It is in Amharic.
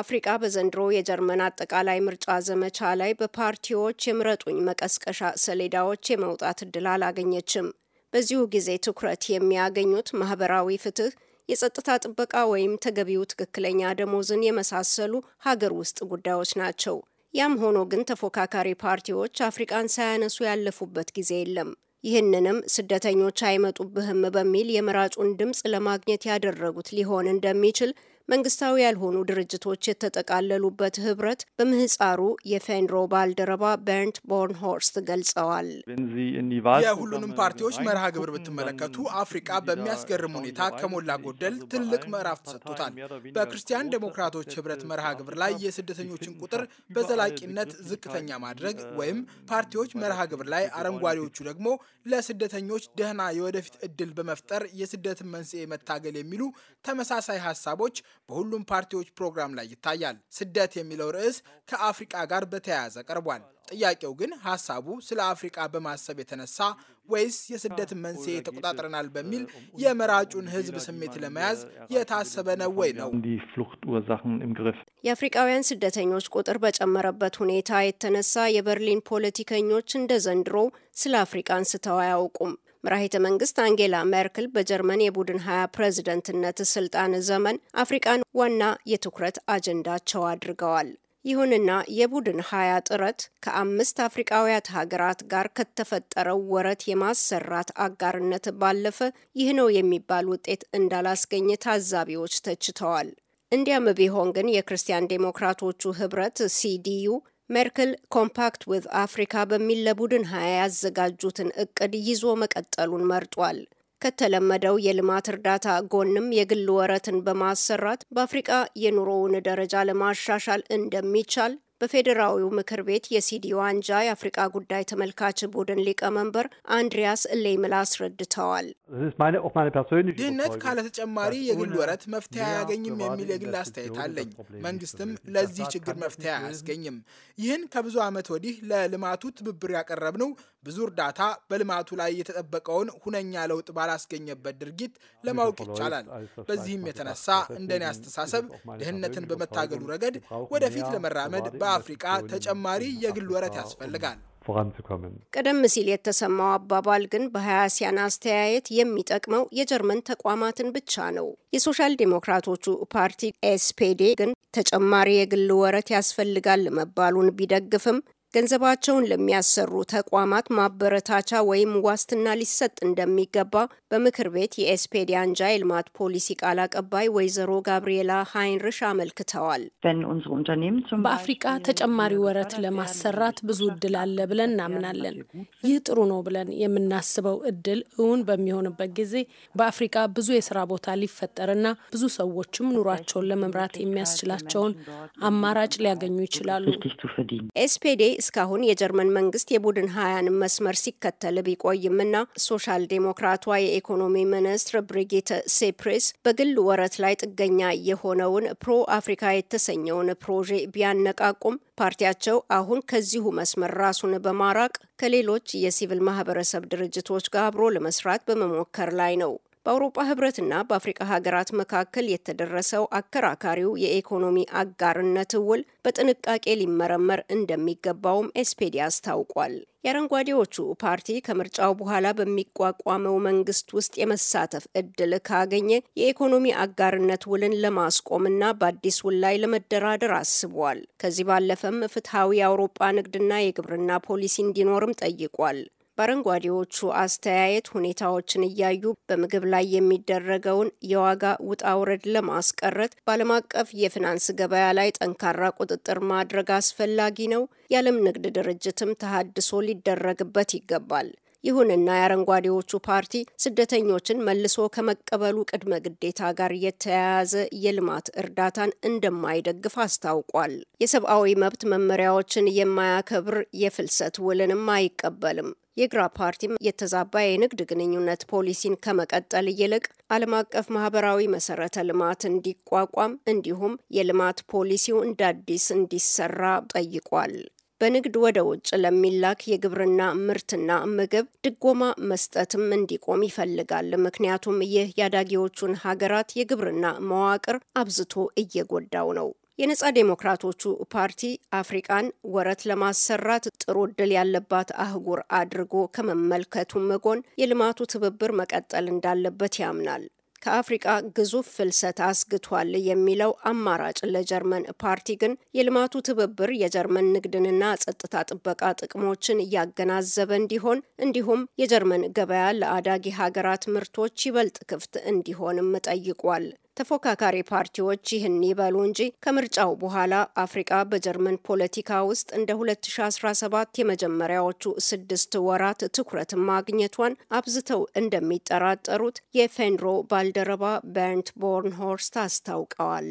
አፍሪቃ በዘንድሮ የጀርመን አጠቃላይ ምርጫ ዘመቻ ላይ በፓርቲዎች የምረጡኝ መቀስቀሻ ሰሌዳዎች የመውጣት እድል አላገኘችም። በዚሁ ጊዜ ትኩረት የሚያገኙት ማህበራዊ ፍትህ፣ የጸጥታ ጥበቃ ወይም ተገቢው ትክክለኛ ደሞዝን የመሳሰሉ ሀገር ውስጥ ጉዳዮች ናቸው። ያም ሆኖ ግን ተፎካካሪ ፓርቲዎች አፍሪቃን ሳያነሱ ያለፉበት ጊዜ የለም። ይህንንም ስደተኞች አይመጡብህም በሚል የመራጩን ድምፅ ለማግኘት ያደረጉት ሊሆን እንደሚችል መንግስታዊ ያልሆኑ ድርጅቶች የተጠቃለሉበት ህብረት በምህፃሩ የፌንሮ ባልደረባ በርንት ቦርንሆርስት ገልጸዋል። የሁሉንም ፓርቲዎች መርሃ ግብር ብትመለከቱ አፍሪቃ በሚያስገርም ሁኔታ ከሞላ ጎደል ትልቅ ምዕራፍ ተሰጥቶታል። በክርስቲያን ዴሞክራቶች ህብረት መርሃ ግብር ላይ የስደተኞችን ቁጥር በዘላቂነት ዝቅተኛ ማድረግ ወይም ፓርቲዎች መርሃ ግብር ላይ አረንጓዴዎቹ ደግሞ ለስደተኞች ደህና የወደፊት እድል በመፍጠር የስደትን መንስኤ መታገል የሚሉ ተመሳሳይ ሀሳቦች በሁሉም ፓርቲዎች ፕሮግራም ላይ ይታያል። ስደት የሚለው ርዕስ ከአፍሪቃ ጋር በተያያዘ ቀርቧል። ጥያቄው ግን ሀሳቡ ስለ አፍሪቃ በማሰብ የተነሳ ወይስ የስደት መንስኤ ተቆጣጥረናል በሚል የመራጩን ህዝብ ስሜት ለመያዝ የታሰበ ነው ወይ ነው። የአፍሪቃውያን ስደተኞች ቁጥር በጨመረበት ሁኔታ የተነሳ የበርሊን ፖለቲከኞች እንደ ዘንድሮ ስለ አፍሪቃ አንስተው አያውቁም። መራሄተ መንግስት አንጌላ ሜርክል በጀርመን የቡድን ሀያ ፕሬዝደንትነት ስልጣን ዘመን አፍሪቃን ዋና የትኩረት አጀንዳቸው አድርገዋል። ይሁንና የቡድን ሀያ ጥረት ከአምስት አፍሪቃውያት ሀገራት ጋር ከተፈጠረው ወረት የማሰራት አጋርነት ባለፈ ይህ ነው የሚባል ውጤት እንዳላስገኘ ታዛቢዎች ተችተዋል። እንዲያም ቢሆን ግን የክርስቲያን ዴሞክራቶቹ ህብረት ሲዲዩ ሜርክል ኮምፓክት ዊዝ አፍሪካ በሚል ለቡድን ሀያ ያዘጋጁትን እቅድ ይዞ መቀጠሉን መርጧል። ከተለመደው የልማት እርዳታ ጎንም የግል ወረትን በማሰራት በአፍሪቃ የኑሮውን ደረጃ ለማሻሻል እንደሚቻል በፌዴራዊው ምክር ቤት የሲዲዮ አንጃ የአፍሪቃ ጉዳይ ተመልካች ቡድን ሊቀመንበር አንድሪያስ ሌምላ አስረድተዋል። ድህነት ካለተጨማሪ የግል ወረት መፍትሄ አያገኝም የሚል የግል አስተያየት አለኝ። መንግስትም ለዚህ ችግር መፍትሄ አያስገኝም። ይህን ከብዙ ዓመት ወዲህ ለልማቱ ትብብር ያቀረብነው ብዙ እርዳታ በልማቱ ላይ የተጠበቀውን ሁነኛ ለውጥ ባላስገኘበት ድርጊት ለማወቅ ይቻላል። በዚህም የተነሳ እንደኔ አስተሳሰብ ድህነትን በመታገሉ ረገድ ወደፊት ለመራመድ በአፍሪቃ ተጨማሪ የግል ወረት ያስፈልጋል። ቀደም ሲል የተሰማው አባባል ግን በሀያሲያን አስተያየት የሚጠቅመው የጀርመን ተቋማትን ብቻ ነው። የሶሻል ዴሞክራቶቹ ፓርቲ ኤስፔዴ ግን ተጨማሪ የግል ወረት ያስፈልጋል መባሉን ቢደግፍም ገንዘባቸውን ለሚያሰሩ ተቋማት ማበረታቻ ወይም ዋስትና ሊሰጥ እንደሚገባ በምክር ቤት የኤስፔዲ አንጃ የልማት ፖሊሲ ቃል አቀባይ ወይዘሮ ጋብርኤላ ሃይንርሽ አመልክተዋል። በአፍሪቃ ተጨማሪ ወረት ለማሰራት ብዙ እድል አለ ብለን እናምናለን። ይህ ጥሩ ነው ብለን የምናስበው እድል እውን በሚሆንበት ጊዜ በአፍሪቃ ብዙ የስራ ቦታ ሊፈጠርና ብዙ ሰዎችም ኑሯቸውን ለመምራት የሚያስችላቸውን አማራጭ ሊያገኙ ይችላሉ። ኤስፔዴ እስካሁን የጀርመን መንግስት የቡድን ሀያን መስመር ሲከተል ቢቆይምና ሶሻል ዴሞክራቷ የኢኮኖሚ ሚኒስትር ብሪጊት ሴፕሬስ በግል ወረት ላይ ጥገኛ የሆነውን ፕሮ አፍሪካ የተሰኘውን ፕሮጄ ቢያነቃቁም ፓርቲያቸው አሁን ከዚሁ መስመር ራሱን በማራቅ ከሌሎች የሲቪል ማህበረሰብ ድርጅቶች ጋር አብሮ ለመስራት በመሞከር ላይ ነው። በአውሮፓ ህብረትና በአፍሪቃ ሀገራት መካከል የተደረሰው አከራካሪው የኢኮኖሚ አጋርነት ውል በጥንቃቄ ሊመረመር እንደሚገባውም ኤስፔዲ አስታውቋል። የአረንጓዴዎቹ ፓርቲ ከምርጫው በኋላ በሚቋቋመው መንግስት ውስጥ የመሳተፍ እድል ካገኘ የኢኮኖሚ አጋርነት ውልን ለማስቆምና በአዲስ ውል ላይ ለመደራደር አስቧል። ከዚህ ባለፈም ፍትሐዊ የአውሮፓ ንግድና የግብርና ፖሊሲ እንዲኖርም ጠይቋል። በአረንጓዴዎቹ አስተያየት ሁኔታዎችን እያዩ በምግብ ላይ የሚደረገውን የዋጋ ውጣ ውረድ ለማስቀረት በዓለም አቀፍ የፊናንስ ገበያ ላይ ጠንካራ ቁጥጥር ማድረግ አስፈላጊ ነው። የዓለም ንግድ ድርጅትም ተሃድሶ ሊደረግበት ይገባል። ይሁንና የአረንጓዴዎቹ ፓርቲ ስደተኞችን መልሶ ከመቀበሉ ቅድመ ግዴታ ጋር የተያያዘ የልማት እርዳታን እንደማይደግፍ አስታውቋል። የሰብአዊ መብት መመሪያዎችን የማያከብር የፍልሰት ውልንም አይቀበልም። የግራ ፓርቲም የተዛባ የንግድ ግንኙነት ፖሊሲን ከመቀጠል ይልቅ ዓለም አቀፍ ማህበራዊ መሰረተ ልማት እንዲቋቋም እንዲሁም የልማት ፖሊሲው እንደ አዲስ እንዲሰራ ጠይቋል። በንግድ ወደ ውጭ ለሚላክ የግብርና ምርትና ምግብ ድጎማ መስጠትም እንዲቆም ይፈልጋል። ምክንያቱም ይህ ያዳጊዎቹን ሀገራት የግብርና መዋቅር አብዝቶ እየጎዳው ነው። የነጻ ዴሞክራቶቹ ፓርቲ አፍሪቃን ወረት ለማሰራት ጥሩ እድል ያለባት አህጉር አድርጎ ከመመልከቱም ጎን የልማቱ ትብብር መቀጠል እንዳለበት ያምናል። ከአፍሪቃ ግዙፍ ፍልሰት አስግቷል የሚለው አማራጭ ለጀርመን ፓርቲ ግን የልማቱ ትብብር የጀርመን ንግድንና ጸጥታ ጥበቃ ጥቅሞችን እያገናዘበ እንዲሆን እንዲሁም የጀርመን ገበያ ለአዳጊ ሀገራት ምርቶች ይበልጥ ክፍት እንዲሆንም ጠይቋል። ተፎካካሪ ፓርቲዎች ይህን ይበሉ እንጂ ከምርጫው በኋላ አፍሪቃ በጀርመን ፖለቲካ ውስጥ እንደ 2017 የመጀመሪያዎቹ ስድስት ወራት ትኩረት ማግኘቷን አብዝተው እንደሚጠራጠሩት የፌንሮ ባልደረባ በርንት ቦርንሆርስት አስታውቀዋል።